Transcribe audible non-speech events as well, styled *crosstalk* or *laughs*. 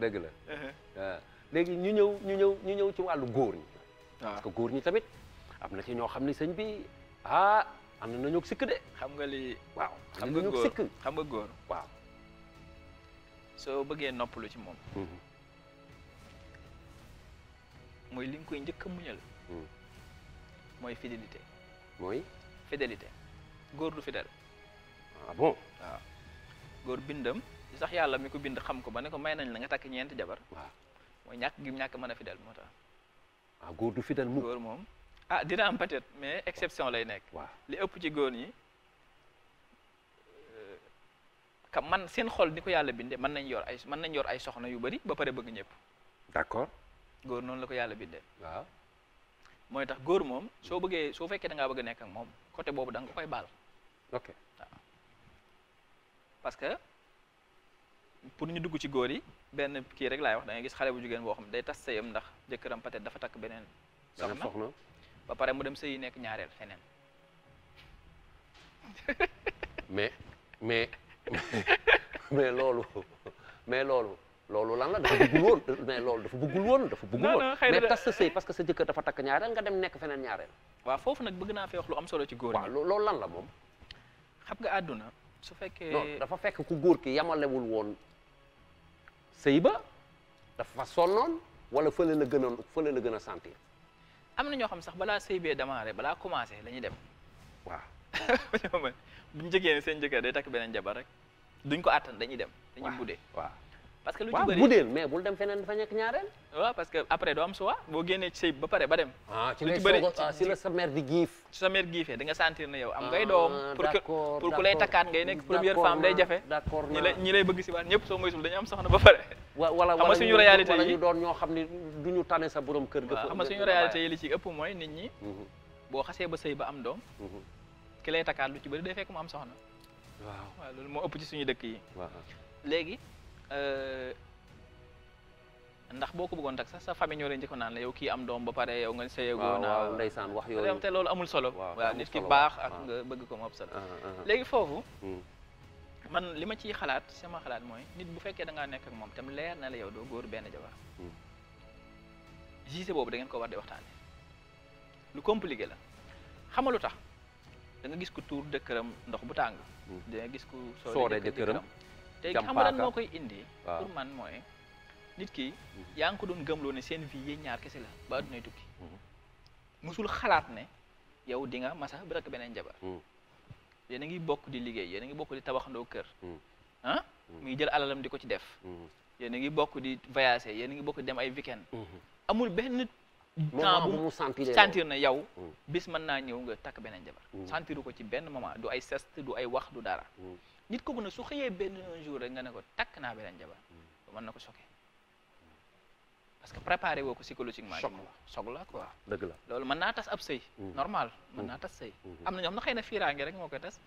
dëgg la uh-huh. léegi ñu ñëw ñu ñëw ñu ñëw ci wàllu góor ñi parce que góor ñi tamit am na ci ñoo xam ne sëñ bi ah am na nañoo sikk de xam nga li waaw xam nga góor sikk xam nga góor waaw soo bëggee noppalu ci moom mm-hmm. mooy li nga koy njëkk a muñal mm. mooy fidélité mooy góor lu fidèle ah bon waaw góor bindam sax yàlla mi ko bind xam ko ba ne ko may nañ la nga takk ñeenti jabar waaw mooy ñàkk gi ñàkk mën a fidèle moo tax waaw góor du fidèle mu góor moom ah dina peut-être mais exception lay nekk waaw li ëpp ci góor ñi euh, ka man seen xol ni ko yàlla bindee mën nañ yor ay mën nañ yor ay soxna yu bari ba pare bëgg ñëpp d'accord góor noonu la ko yàlla bindee waaw mooy tax góor moom soo bëggee soo fekkee dangaa bëgg a nekk ak moom côté boobu da koy baal parce que pour ñu dugg ci góor yi benn kii rek laay wax da ngay gis xale bu jigéen boo xam day tas sëyam ndax jëkkëram peut-être dafa takk beneen soxna ba pare mu dem sëyi nekk ñaareel feneen mais mais *laughs* mais loolu mais loolu loolu lan la dafa bëggul woon mais loolu dafa bëggul woon dafa bëggul woon mais tas sa sëy parce que sa jëkkër dafa takk ñaareel nga dem nekk feneen ñaareel waaw foofu nag bëgg naa fee wax lu am solo ci góor waaw loolu lan la moom xam nga àdduna su fekkee non dafa fekk ku góor ki yamalewul woon sëy ba sol sonnoon wala fële la gënoon fële la gën a sentir. am na ñoo xam sax balaa sëy bee démarré balaa commencé lañuy ñuy dem. waaw. *laughs* bu ñu jógee seen jëkkër day takk beneen jabar rek duñ ko àttan dañuy dem. dañuy buddee waaw. parce que lu ci bëri budeel mais bul dem feneen dafa nekk ñaareel. waaw parce que après doo am choix boo génnee ci sëy ba pare ba dem. ah ci lay soog a si ah, la sa mère di giif. su sa mère giifee da nga sentir ne yow am ngay ah, doom. pour que pour ku lay takkaat ngay nekk première femme day jafe. d'accord ñi lay ñi lay bëgg si waat ñëpp soo moytul dañu am soxna ba pare. wa wala wala suñu réalité yi doon ñoo xam ne du ñu tane sa borom kër ga. waaw xam nga suñu réalité yi li ci ëpp mooy nit ñi. Mhm. boo xasee ba sëy ba am doom. Mhm. ki lay takkaat lu ci bëri day fekk mu am soxna. waaw waaw loolu moo ëpp ci suñu dëkk yi léegi Euh, ndax boo ko bëggoon tak sax sa famille ñoo leen njëkkoon naan la yow kii am doom ba pare yow nga sëyegoo naa ndeysaan wax yooyu te loolu amul solo waaw nit ki baax ak nga bëgg ko mu am solo ah, ah, ah. léegi foofu hmm. man li ma ciy xalaat sama xalaat mooy nit bu fekkee da ngaa nekk moom tam leer na la yow doo góor benn jabar hmm. gise boobu da ko war di waxtaane lu compliqué la xamalu tax danga gis ku tuur dëkkëram ndox bu tàng hmm. da gis ku soore dëkkëram tey xam nga moo koy indi pour man mooy nit ki yaa ngi ko doon gëmloo ne seen vie yéen ñaar kese la ba addunay tukki mhm. musul xalaat ne yow di nga masa bi rakk beneen jabar mhm. yéen a ngi bokk di liggéey yéen a ngi bokk di tabaxandoo kër mhm. ah muy jël alalam di ko ci def yéen a ngi bokk di voyager yéen a ngi bokk dem ay weekend amul benn temps bu mu sentir na yow bis mën naa ñëw nga takk beneen jabar sentiru ko ci benn moment du ay sest du ay wax du dara nit kooku nag su xëyee benn un jour rek nga ne ko takk naa beneen jabar mm. mën na ko choqué parce que préparé woo ko psychologiquement. choc la choc la quoi. dëgg la loolu mën naa tas ab sëy. Mm. normal mën mm. naa tas sëy. am na ñoo xam ne xëy na fiiraange rek moo koy tas.